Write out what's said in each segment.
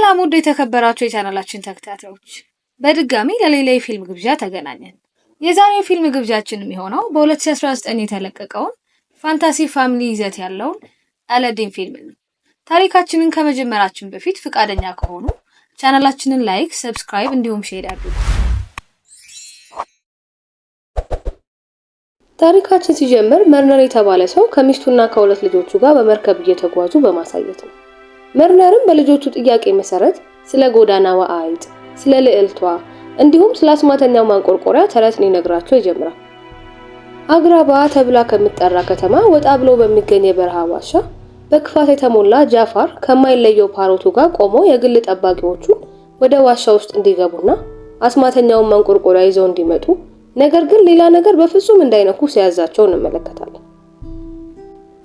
ሰላም ውድ የተከበራችሁ የቻናላችን ተከታታዮች በድጋሚ ለሌላ የፊልም ግብዣ ተገናኘን። የዛሬው ፊልም ግብዣችን የሚሆነው በ2019 የተለቀቀውን ፋንታሲ ፋሚሊ ይዘት ያለውን አለዲን ፊልም ነው። ታሪካችንን ከመጀመራችን በፊት ፍቃደኛ ከሆኑ ቻናላችንን ላይክ፣ ሰብስክራይብ እንዲሁም ሼር አድርጉ። ታሪካችን ሲጀምር መርነር የተባለ ሰው ከሚስቱና ከሁለት ልጆቹ ጋር በመርከብ እየተጓዙ በማሳየት ነው። መርነርም በልጆቹ ጥያቄ መሰረት ስለ ጎዳናዋ አይጥ፣ ስለ ልዕልቷ እንዲሁም ስለ አስማተኛው ማንቆርቆሪያ ተረትን ይነግራቸው ይጀምራል። አግራባ ተብላ ከምትጠራ ከተማ ወጣ ብሎ በሚገኝ የበረሃ ዋሻ በክፋት የተሞላ ጃፋር ከማይለየው ፓሮቱ ጋር ቆሞ የግል ጠባቂዎቹን ወደ ዋሻ ውስጥ እንዲገቡና አስማተኛውን ማንቆርቆሪያ ይዘው እንዲመጡ ነገር ግን ሌላ ነገር በፍጹም እንዳይነኩ ሲያዛቸው እንመለከታለን።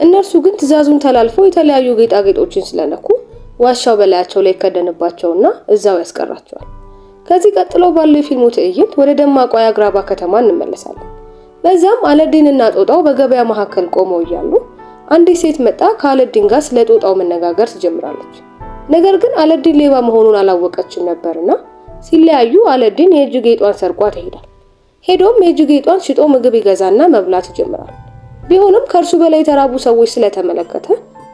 እነርሱ ግን ትዕዛዙን ተላልፈው የተለያዩ ጌጣጌጦችን ስለነኩ ዋሻው በላያቸው ላይ ይከደንባቸውና እዛው ያስቀራቸዋል። ከዚህ ቀጥሎ ባለው የፊልሙ ትዕይንት ወደ ደማቋ የአግራባ ከተማ እንመለሳለን። በዛም አለዲን እና ጦጣው በገበያ መካከል ቆመው እያሉ አንዲት ሴት መጣ ከአለዲን ጋር ስለ ጦጣው መነጋገር ትጀምራለች። ነገር ግን አለዲን ሌባ መሆኑን አላወቀችም ነበርና ሲለያዩ አለዲን የእጅ ጌጧን ሰርቋት ይሄዳል። ሄዶም የእጅ ጌጧን ሽጦ ምግብ ይገዛና መብላት ይጀምራል። ቢሆንም ከእርሱ በላይ የተራቡ ሰዎች ስለተመለከተ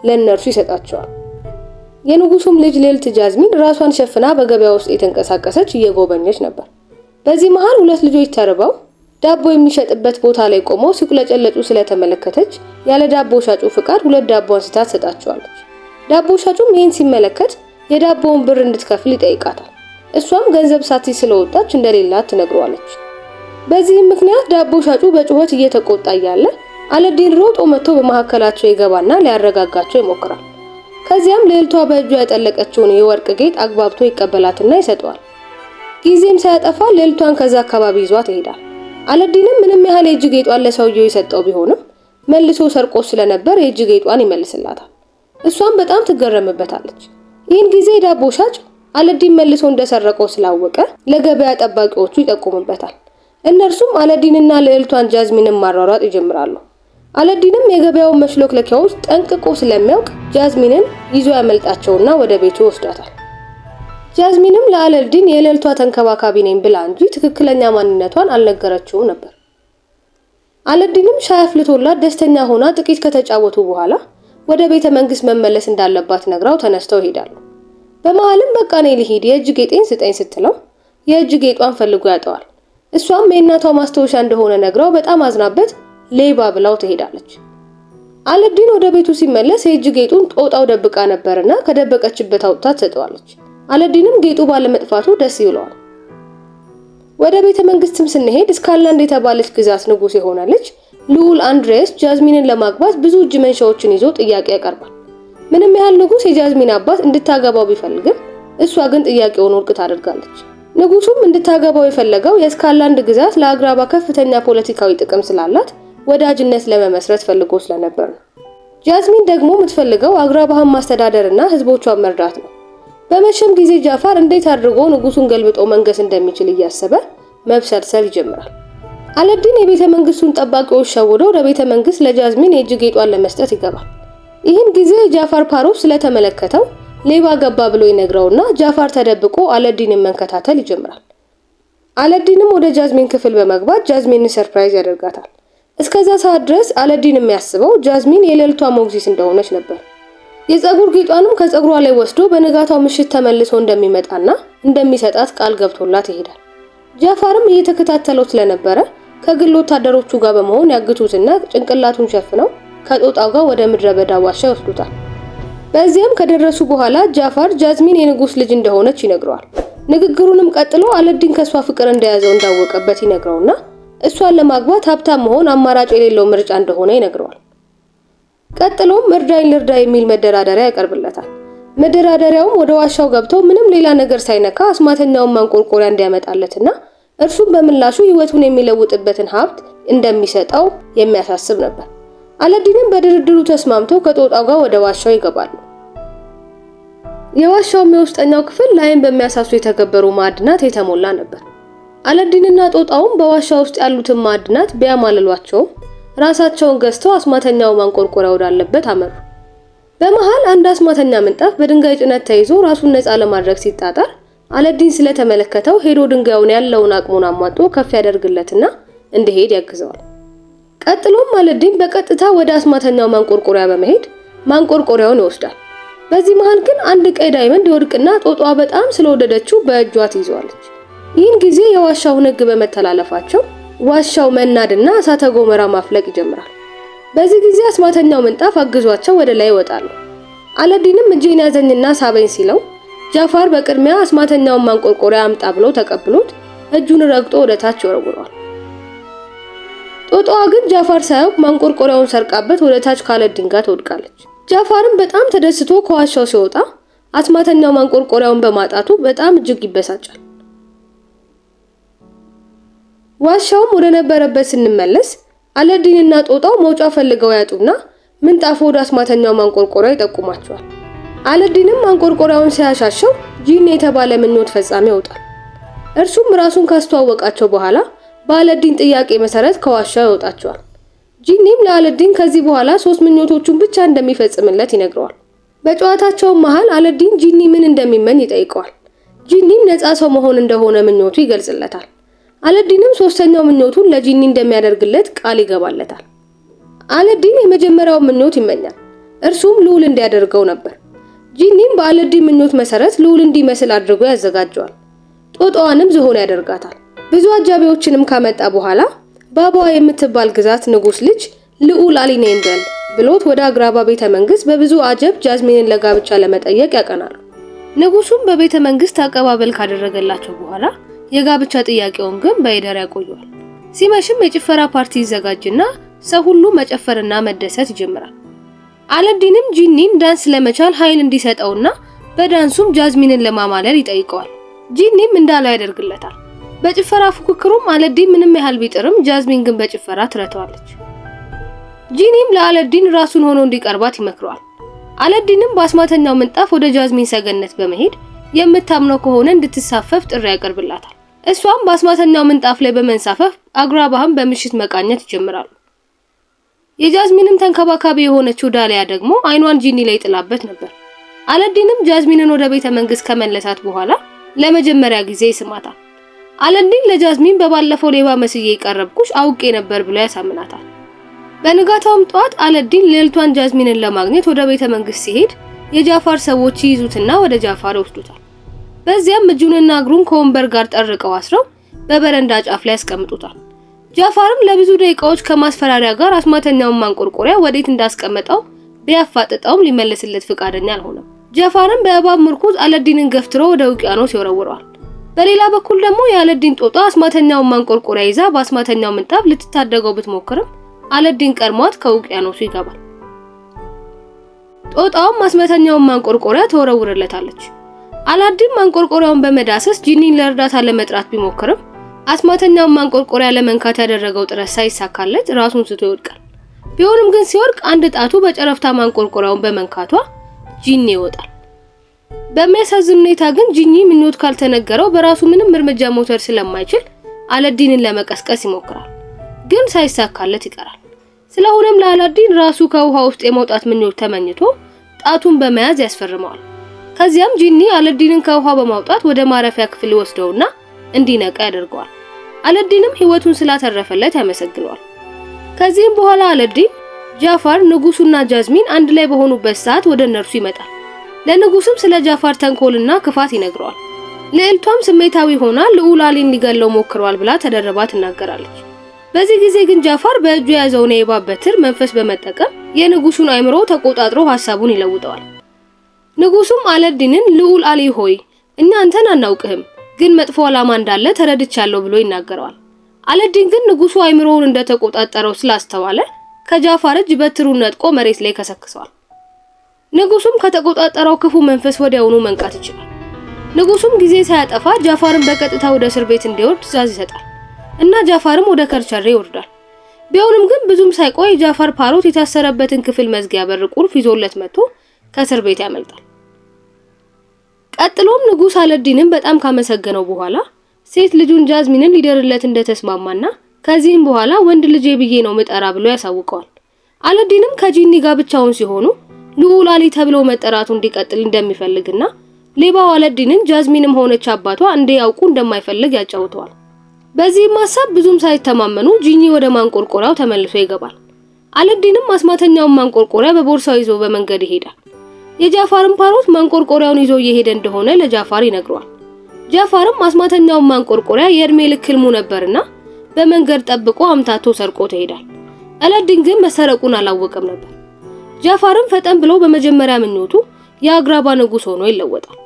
ለእነርሱ ይሰጣቸዋል። የንጉሱም ልጅ ሌልት ጃዝሚን ራሷን ሸፍና በገበያ ውስጥ የተንቀሳቀሰች እየጎበኘች ነበር። በዚህ መሃል ሁለት ልጆች ተርበው ዳቦ የሚሸጥበት ቦታ ላይ ቆመው ሲቁለጨለጩ ስለተመለከተች ያለ ዳቦ ሻጩ ፍቃድ ሁለት ዳቦ አንስታ ትሰጣቸዋለች። ዳቦ ሻጩም ይህን ሲመለከት የዳቦውን ብር እንድትከፍል ይጠይቃታል። እሷም ገንዘብ ሳትይዝ ስለወጣች እንደሌላት ትነግሯለች። በዚህም ምክንያት ዳቦ ሻጩ በጩኸት እየተቆጣ እያለ አለዲን ሮጦ መጥቶ በመካከላቸው ይገባና ሊያረጋጋቸው ይሞክራል። ከዚያም ልዕልቷ በእጇ ያጠለቀችውን የወርቅ ጌጥ አግባብቶ ይቀበላትና ይሰጠዋል። ጊዜም ሳያጠፋ ልዕልቷን ከዛ አካባቢ ይዟት ይሄዳል። አለዲንም ምንም ያህል የእጅ ጌጧን ለሰውየው የሰጠው ቢሆንም መልሶ ሰርቆ ስለነበር የእጅ ጌጧን ይመልስላታል። እሷም በጣም ትገረምበታለች። ይህን ጊዜ ዳቦ ሻጭ አለዲን መልሶ እንደሰረቀው ስላወቀ ለገበያ ጠባቂዎቹ ይጠቁምበታል። እነርሱም አለዲንና ልዕልቷን ጃዝሚንን ማሯሯጥ ይጀምራሉ። አለዲንም የገበያው መሽሎክለኪያዎች ጠንቅቆ ስለሚያውቅ ጃዝሚንን ይዞ ያመልጣቸውና ወደ ቤቱ ይወስዳታል። ጃዝሚንም ለአለዲን የሌልቷ ተንከባካቢ ነኝ ብላ እንጂ ትክክለኛ ማንነቷን አልነገረችውም ነበር። አለዲንም ሻይ አፍልቶላት ደስተኛ ሆና ጥቂት ከተጫወቱ በኋላ ወደ ቤተ መንግስት መመለስ እንዳለባት ነግራው ተነስተው ይሄዳሉ። በመሀልም በቃ እኔ ልሂድ የእጅ ጌጤን ስጠኝ ስትለው የእጅ ጌጧን ፈልጎ ያጠዋል። እሷም የእናቷ ማስታወሻ እንደሆነ ነግራው በጣም አዝናበት ሌባ ብላው ትሄዳለች። አለዲን ወደ ቤቱ ሲመለስ የእጅ ጌጡን ጦጣው ደብቃ ነበርና ከደበቀችበት አውጥታ ትሰጠዋለች። አለዲንም ጌጡ ባለመጥፋቱ ደስ ይውለዋል። ወደ ቤተ መንግስትም ስንሄድ ስካላንድ የተባለች ግዛት ንጉስ የሆናለች ልዑል አንድሬስ ጃዝሚንን ለማግባት ብዙ እጅ መንሻዎችን ይዞ ጥያቄ ያቀርባል። ምንም ያህል ንጉስ የጃዝሚን አባት እንድታገባው ቢፈልግም እሷ ግን ጥያቄውን ውድቅ ታደርጋለች። ንጉሱም እንድታገባው የፈለገው የስካላንድ ግዛት ለአግራባ ከፍተኛ ፖለቲካዊ ጥቅም ስላላት ወዳጅነት ለመመስረት ፈልጎ ስለነበር ነው። ጃዝሚን ደግሞ የምትፈልገው አግራባህን ማስተዳደርና ህዝቦቿን መርዳት ነው። በመሸም ጊዜ ጃፋር እንዴት አድርጎ ንጉሱን ገልብጦ መንገስ እንደሚችል እያሰበ መብሰልሰል ይጀምራል። አለዲን የቤተ መንግስቱን ጠባቂዎች ሸውዶ ወደ ቤተ መንግስት ለጃዝሚን የእጅ ጌጧን ለመስጠት ይገባል። ይህን ጊዜ ጃፋር ፓሮ ስለተመለከተው ሌባ ገባ ብሎ ይነግረውና ጃፋር ተደብቆ አለዲንን መንከታተል ይጀምራል። አለዲንም ወደ ጃዝሚን ክፍል በመግባት ጃዝሚንን ሰርፕራይዝ ያደርጋታል። እስከዛ ሰዓት ድረስ አለዲን የሚያስበው ጃዝሚን የሌሊቷ ሞግዚት እንደሆነች ነበር። የፀጉር ጌጧንም ከፀጉሯ ላይ ወስዶ በንጋታው ምሽት ተመልሶ እንደሚመጣና እንደሚሰጣት ቃል ገብቶላት ይሄዳል። ጃፋርም እየተከታተለው ስለነበረ ከግል ወታደሮቹ ጋር በመሆን ያግቱትና ጭንቅላቱን ሸፍነው ከጦጣው ጋር ወደ ምድረ በዳ ዋሻ ይወስዱታል። በዚያም ከደረሱ በኋላ ጃፋር ጃዝሚን የንጉስ ልጅ እንደሆነች ይነግረዋል። ንግግሩንም ቀጥሎ አለዲን ከሷ ፍቅር እንደያዘው እንዳወቀበት ይነግረውና እሷን ለማግባት ሀብታም መሆን አማራጭ የሌለው ምርጫ እንደሆነ ይነግረዋል። ቀጥሎም እርዳኝ ልርዳ የሚል መደራደሪያ ያቀርብለታል። መደራደሪያውም ወደ ዋሻው ገብቶ ምንም ሌላ ነገር ሳይነካ አስማተኛውን ማንቆርቆሪያ እንዲያመጣለትና እርሱም በምላሹ ህይወቱን የሚለውጥበትን ሀብት እንደሚሰጠው የሚያሳስብ ነበር። አለዲንም በድርድሩ ተስማምቶ ከጦጣው ጋር ወደ ዋሻው ይገባሉ። የዋሻውም የውስጠኛው ክፍል ላይን በሚያሳሱ የተገበሩ ማዕድናት የተሞላ ነበር። አለዲንና ጦጣውም በዋሻ ውስጥ ያሉትን ማዕድናት ቢያማልሏቸው ራሳቸውን ገዝተው አስማተኛው ማንቆርቆሪያ ወዳለበት አመሩ። በመሃል አንድ አስማተኛ ምንጣፍ በድንጋይ ጭነት ተይዞ ራሱን ነፃ ለማድረግ ሲጣጣር አለዲን ስለተመለከተው ሄዶ ድንጋዩን ያለውን አቅሙን አሟጦ ከፍ ያደርግለትና እንዲሄድ ያግዘዋል። ቀጥሎም አለዲን በቀጥታ ወደ አስማተኛው ማንቆርቆሪያ በመሄድ ማንቆርቆሪያውን ይወስዳል። በዚህ መሃል ግን አንድ ቀይ ዳይመንድ ይወድቅና ጦጧ በጣም ስለወደደችው በእጇ ትይዘዋለች። ይህን ጊዜ የዋሻውን ሕግ በመተላለፋቸው ዋሻው መናድና እሳተ ገሞራ ማፍለቅ ይጀምራል። በዚህ ጊዜ አስማተኛው ምንጣፍ አግዟቸው ወደ ላይ ይወጣሉ። አለዲንም እጄን ያዘኝና ሳበኝ ሲለው ጃፋር በቅድሚያ አስማተኛውን ማንቆርቆሪያ አምጣ ብሎ ተቀብሎት እጁን ረግጦ ወደ ታች ይወረውረዋል። ጦጣዋ ግን ጃፋር ሳያውቅ ማንቆርቆሪያውን ሰርቃበት ወደ ታች ከአለዲን ጋር ትወድቃለች። ጃፋርም በጣም ተደስቶ ከዋሻው ሲወጣ አስማተኛው ማንቆርቆሪያውን በማጣቱ በጣም እጅግ ይበሳጫል። ዋሻውም ወደ ነበረበት ስንመለስ አለዲንና ጦጣው መውጫ ፈልገው ያጡና ምንጣፉ ወደ አስማተኛው ማንቆርቆሪያ ይጠቁማቸዋል። አለዲንም ማንቆርቆሪያውን ሲያሻሸው ጂኒ የተባለ ምኞት ፈጻሚ ያወጣል። እርሱም ራሱን ካስተዋወቃቸው በኋላ በአለዲን ጥያቄ መሰረት ከዋሻው ይወጣቸዋል። ጂኒም ለአለዲን ከዚህ በኋላ ሶስት ምኞቶቹን ብቻ እንደሚፈጽምለት ይነግረዋል። በጨዋታቸው መሃል አለዲን ጂኒ ምን እንደሚመኝ ይጠይቀዋል። ጂኒም ነፃ ሰው መሆን እንደሆነ ምኞቱ ይገልጽለታል። አለዲንም ሶስተኛው ምኞቱን ለጂኒ እንደሚያደርግለት ቃል ይገባለታል። አለዲን የመጀመሪያው ምኞት ይመኛል። እርሱም ልዑል እንዲያደርገው ነበር። ጂኒም በአለዲን ምኞት መሰረት ልዑል እንዲመስል አድርጎ ያዘጋጀዋል። ጦጣዋንም ዝሆን ያደርጋታል። ብዙ አጃቢዎችንም ካመጣ በኋላ ባባ የምትባል ግዛት ንጉስ ልጅ ልዑል አሊኔንደል ብሎት ወደ አግራባ ቤተ መንግስት በብዙ አጀብ ጃዝሚንን ለጋብቻ ለመጠየቅ ያቀናሉ። ንጉሱም በቤተ መንግስት አቀባበል ካደረገላቸው በኋላ የጋብቻ ጥያቄውን ግን በይደር ያቆየዋል። ሲመሽም የጭፈራ ፓርቲ ይዘጋጅና ሰው ሁሉ መጨፈርና መደሰት ይጀምራል። አለዲንም ጂኒን ዳንስ ለመቻል ኃይል እንዲሰጠውና በዳንሱም ጃዝሚንን ለማማለል ይጠይቀዋል። ጂኒም እንዳለው ያደርግለታል። በጭፈራ ፉክክሩም አለዲን ምንም ያህል ቢጥርም ጃዝሚን ግን በጭፈራ ትረተዋለች። ጂኒም ለአለዲን ራሱን ሆኖ እንዲቀርባት ይመክረዋል። አለዲንም በአስማተኛው ምንጣፍ ወደ ጃዝሚን ሰገነት በመሄድ የምታምነው ከሆነ እንድትሳፈፍ ጥሪ ያቀርብላታል። እሷም በአስማተኛው ምንጣፍ ላይ በመንሳፈፍ አግራባህም በምሽት መቃኘት ይጀምራሉ። የጃዝሚንም ተንከባካቢ የሆነችው ዳሊያ ደግሞ አይኗን ጂኒ ላይ ጥላበት ነበር። አለዲንም ጃዝሚንን ወደ ቤተ መንግስት ከመለሳት በኋላ ለመጀመሪያ ጊዜ ይስማታል። አለዲን ለጃዝሚን በባለፈው ሌባ መስዬ የቀረብኩሽ አውቄ ነበር ብሎ ያሳምናታል። በንጋታውም ጠዋት አለዲን ሌልቷን ጃዝሚንን ለማግኘት ወደ ቤተ መንግስት ሲሄድ የጃፋር ሰዎች ይይዙትና ወደ ጃፋር ይወስዱታል። በዚያም እጁንና እግሩን ከወንበር ጋር ጠርቀው አስረው በበረንዳ ጫፍ ላይ ያስቀምጡታል። ጃፋርም ለብዙ ደቂቃዎች ከማስፈራሪያ ጋር አስማተኛውን ማንቆርቆሪያ ወዴት እንዳስቀመጠው ቢያፋጥጠውም ሊመልስለት ፈቃደኛ አልሆነም። ጃፋርም በእባብ ምርኩዝ አለዲንን ገፍትሮ ወደ ውቅያኖስ ይወረውረዋል። በሌላ በኩል ደግሞ የአለዲን ጦጣ አስማተኛውን ማንቆርቆሪያ ይዛ በአስማተኛው ምንጣፍ ልትታደገው ብትሞክርም አለዲን ቀድሟት ከውቅያኖሱ ይገባል። ጦጣውም አስማተኛውን ማንቆርቆሪያ ትወረውርለታለች። አላዲን ማንቆርቆሪያውን በመዳሰስ ጂኒን ለእርዳታ ለመጥራት ቢሞክርም አስማተኛውን ማንቆርቆሪያ ለመንካት ያደረገው ጥረት ሳይሳካለት ራሱን ስቶ ይወድቃል። ቢሆንም ግን ሲወድቅ አንድ ጣቱ በጨረፍታ ማንቆርቆሪያውን በመንካቷ ጂኒ ይወጣል። በሚያሳዝን ሁኔታ ግን ጂኒ ምኞት ካልተነገረው በራሱ ምንም እርምጃ ሞተር ስለማይችል አላዲንን ለመቀስቀስ ይሞክራል፣ ግን ሳይሳካለት ይቀራል። ስለሆነም ለአላዲን ራሱ ከውሃ ውስጥ የመውጣት ምኞት ተመኝቶ ጣቱን በመያዝ ያስፈርመዋል። ከዚያም ጂኒ አለዲንን ከውሃ በማውጣት ወደ ማረፊያ ክፍል ወስደውና እንዲነቃ ያደርገዋል። አለዲንም ህይወቱን ስላተረፈለት ያመሰግነዋል። ከዚህም በኋላ አለዲን ጃፋር፣ ንጉሱና ጃዝሚን አንድ ላይ በሆኑበት ሰዓት ወደ እነርሱ ይመጣል። ለንጉሱም ስለ ጃፋር ተንኮልና ክፋት ይነግረዋል። ልዕልቷም ስሜታዊ ሆና ልዑል አሊን ሊገለው ሞክረዋል ብላ ተደረባ ትናገራለች። በዚህ ጊዜ ግን ጃፋር በእጁ የያዘውን የእባብ በትር መንፈስ በመጠቀም የንጉሱን አእምሮ ተቆጣጥሮ ሀሳቡን ይለውጠዋል። ንጉሱም አለዲንን ልዑል አሊ ሆይ እኛ አንተን አናውቅህም፣ ግን መጥፎ ዓላማ እንዳለ ተረድቻለሁ ብሎ ይናገረዋል። አለዲን ግን ንጉሱ አይምሮውን እንደተቆጣጠረው ስላስተዋለ ከጃፋር እጅ በትሩን ነጥቆ መሬት ላይ ከሰክሰዋል። ንጉሱም ከተቆጣጠረው ክፉ መንፈስ ወዲያውኑ መንቃት ይችላል። ንጉሱም ጊዜ ሳያጠፋ ጃፋርን በቀጥታ ወደ እስር ቤት እንዲወርድ ትዕዛዝ ይሰጣል እና ጃፋርም ወደ ከርቸሬ ይወርዳል። ቢሆንም ግን ብዙም ሳይቆይ ጃፋር ፓሮት የታሰረበትን ክፍል መዝጊያ በር ቁልፍ ይዞለት መጥቶ ከእስር ቤት ያመልጣል። ቀጥሎም ንጉስ አለዲንን በጣም ካመሰገነው በኋላ ሴት ልጁን ጃዝሚንን ሊደርለት እንደተስማማና ከዚህም በኋላ ወንድ ልጄ ብዬ ነው ምጠራ ብሎ ያሳውቀዋል። አለዲንም ከጂኒ ጋር ብቻውን ሲሆኑ ልዑል አሊ ተብሎ መጠራቱ እንዲቀጥል እንደሚፈልግና ሌባው አለዲንን ጃዝሚንም ሆነች አባቷ እንዲያውቁ እንደማይፈልግ ያጫውተዋል። በዚህም ሀሳብ ብዙም ሳይተማመኑ ጂኒ ወደ ማንቆርቆሪያው ተመልሶ ይገባል። አለዲንም አስማተኛውን ማንቆርቆሪያ በቦርሳው ይዞ በመንገድ ይሄዳል። የጃፋርም ፓሮት ማንቆርቆሪያውን ይዞ እየሄደ እንደሆነ ለጃፋር ይነግሯል። ጃፋርም አስማተኛውን ማንቆርቆሪያ የእድሜ ልክ ህልሙ ነበርና በመንገድ ጠብቆ አምታቶ ሰርቆ ይሄዳል። አላዲን ግን መሰረቁን አላወቀም ነበር። ጃፋርም ፈጠን ብሎ በመጀመሪያ ምኞቱ የአግራባ ንጉስ ሆኖ ይለወጣል።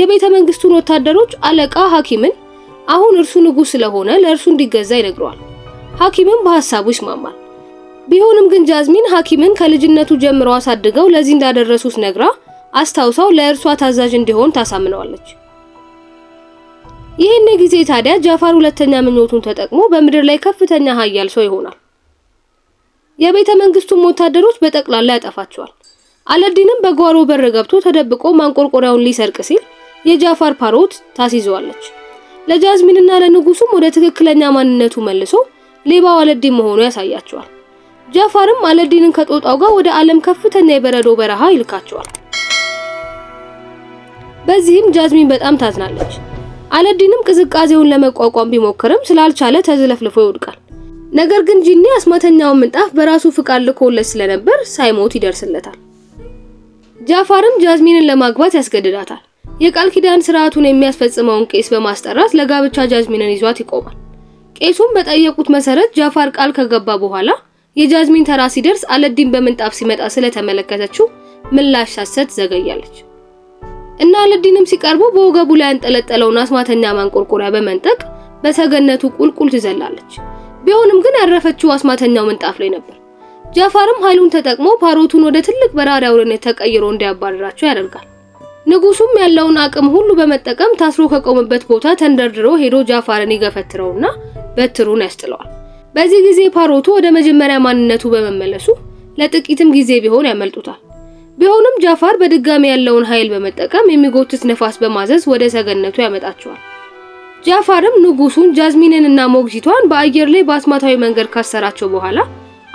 የቤተ መንግስቱን ወታደሮች አለቃ ሐኪምን አሁን እርሱ ንጉስ ስለሆነ ለእርሱ እንዲገዛ ይነግረዋል። ሐኪምም በሐሳቡ ይስማማል። ቢሆንም ግን ጃዝሚን ሐኪምን ከልጅነቱ ጀምሮ አሳድገው ለዚህ እንዳደረሱት ነግራ አስታውሰው ለእርሷ ታዛዥ እንዲሆን ታሳምነዋለች። ይህን ጊዜ ታዲያ ጃፋር ሁለተኛ ምኞቱን ተጠቅሞ በምድር ላይ ከፍተኛ ሀያል ሰው ይሆናል። የቤተ መንግስቱን ወታደሮች በጠቅላላ ያጠፋቸዋል። አለዲንም በጓሮ በር ገብቶ ተደብቆ ማንቆርቆሪያውን ሊሰርቅ ሲል የጃፋር ፓሮት ታስይዘዋለች። ለጃዝሚንና ለንጉሱም ወደ ትክክለኛ ማንነቱ መልሶ ሌባው አለዲን መሆኑ ያሳያቸዋል። ጃፋርም አለዲንን ከጦጣው ጋር ወደ ዓለም ከፍተኛ የበረዶ በረሃ ይልካቸዋል። በዚህም ጃዝሚን በጣም ታዝናለች። አለዲንም ቅዝቃዜውን ለመቋቋም ቢሞክርም ስላልቻለ ተዝለፍልፎ ይወድቃል። ነገር ግን ጂኒ አስማተኛውን ምንጣፍ በራሱ ፍቃድ ልኮለት ስለነበር ሳይሞት ይደርስለታል። ጃፋርም ጃዝሚንን ለማግባት ያስገድዳታል። የቃል ኪዳን ስርዓቱን የሚያስፈጽመውን ቄስ በማስጠራት ለጋብቻ ጃዝሚንን ይዟት ይቆማል። ቄሱም በጠየቁት መሰረት ጃፋር ቃል ከገባ በኋላ የጃዝሚን ተራ ሲደርስ አለዲን በምንጣፍ ሲመጣ ስለተመለከተችው ምላሽ ሳሰት ዘገያለች እና አለዲንም ሲቀርቡ በወገቡ ላይ ያንጠለጠለውን አስማተኛ ማንቆርቆሪያ በመንጠቅ በሰገነቱ ቁልቁል ትዘላለች። ቢሆንም ግን ያረፈችው አስማተኛው ምንጣፍ ላይ ነበር። ጃፋርም ኃይሉን ተጠቅሞ ፓሮቱን ወደ ትልቅ በራሪ አውሬነት ተቀይሮ እንዲያባረራቸው ያደርጋል። ንጉሱም ያለውን አቅም ሁሉ በመጠቀም ታስሮ ከቆመበት ቦታ ተንደርድሮ ሄዶ ጃፋርን ይገፈትረውና በትሩን ያስጥለዋል። በዚህ ጊዜ ፓሮቱ ወደ መጀመሪያ ማንነቱ በመመለሱ ለጥቂትም ጊዜ ቢሆን ያመልጡታል። ቢሆንም ጃፋር በድጋሚ ያለውን ኃይል በመጠቀም የሚጎትት ነፋስ በማዘዝ ወደ ሰገነቱ ያመጣቸዋል። ጃፋርም ንጉሱን ጃዝሚንንና ሞግዚቷን በአየር ላይ በአስማታዊ መንገድ ካሰራቸው በኋላ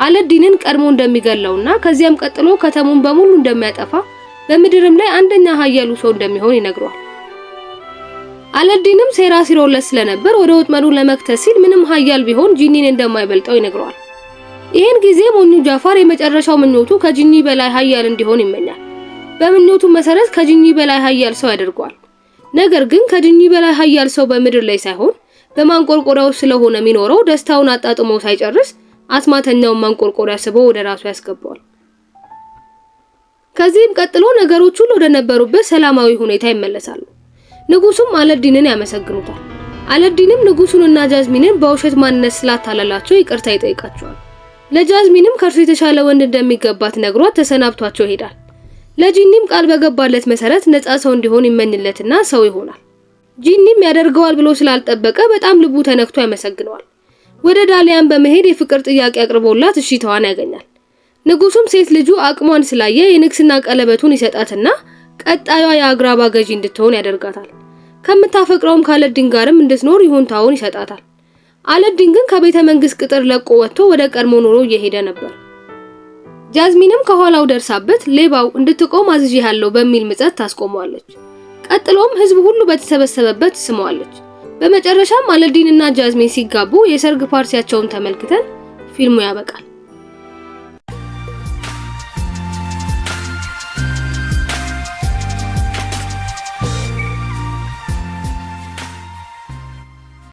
አለዲንን ቀድሞ እንደሚገለውና ከዚያም ቀጥሎ ከተሙን በሙሉ እንደሚያጠፋ በምድርም ላይ አንደኛ ኃያሉ ሰው እንደሚሆን ይነግረዋል። አለዲንም ሴራ ሲሮለት ስለነበር ወደ ወጥመዱ ለመክተት ሲል ምንም ሀያል ቢሆን ጂኒን እንደማይበልጠው ይነግረዋል። ይህን ጊዜ ሞኙ ጃፋር የመጨረሻው ምኞቱ ከጂኒ በላይ ሀያል እንዲሆን ይመኛል። በምኞቱ መሰረት ከጂኒ በላይ ሀያል ሰው ያደርገዋል። ነገር ግን ከጂኒ በላይ ሀያል ሰው በምድር ላይ ሳይሆን በማንቆርቆሪያው ስለሆነ የሚኖረው ደስታውን አጣጥሞ ሳይጨርስ አስማተኛውን ማንቆርቆሪያ ስቦ ወደ ራሱ ያስገባዋል። ከዚህም ቀጥሎ ነገሮች ሁሉ ወደ ነበሩበት ሰላማዊ ሁኔታ ይመለሳሉ። ንጉሱም አለዲንን ያመሰግኑታል። አለዲንም ንጉሱንና ጃዝሚንን በውሸት ማንነት ስላታለላቸው ይቅርታ ይጠይቃቸዋል። ለጃዝሚንም ከእርሱ የተሻለ ወንድ እንደሚገባት ነግሯት ተሰናብቷቸው ይሄዳል። ለጂኒም ቃል በገባለት መሰረት ነፃ ሰው እንዲሆን ይመኝለትና ሰው ይሆናል። ጂኒም ያደርገዋል ብሎ ስላልጠበቀ በጣም ልቡ ተነክቶ ያመሰግነዋል። ወደ ዳሊያን በመሄድ የፍቅር ጥያቄ አቅርቦላት እሺታዋን ያገኛል። ንጉሱም ሴት ልጁ አቅሟን ስላየ የንግስና ቀለበቱን ይሰጣትና ቀጣዩ የአግራባ ገዢ እንድትሆን ያደርጋታል። ከምታፈቅረውም ከአለዲን ጋርም እንድትኖር ይሁንታውን ይሰጣታል። አለዲን ግን ከቤተ መንግስት ቅጥር ለቆ ወጥቶ ወደ ቀድሞ ኑሮ እየሄደ ነበር። ጃዝሚንም ከኋላው ደርሳበት ሌባው እንድትቆም አዝዤ ያለው በሚል ምጸት ታስቆመዋለች። ቀጥሎም ህዝብ ሁሉ በተሰበሰበበት ስመዋለች። በመጨረሻም አለዲንና ጃዝሚን ሲጋቡ የሰርግ ፓርቲያቸውን ተመልክተን ፊልሙ ያበቃል።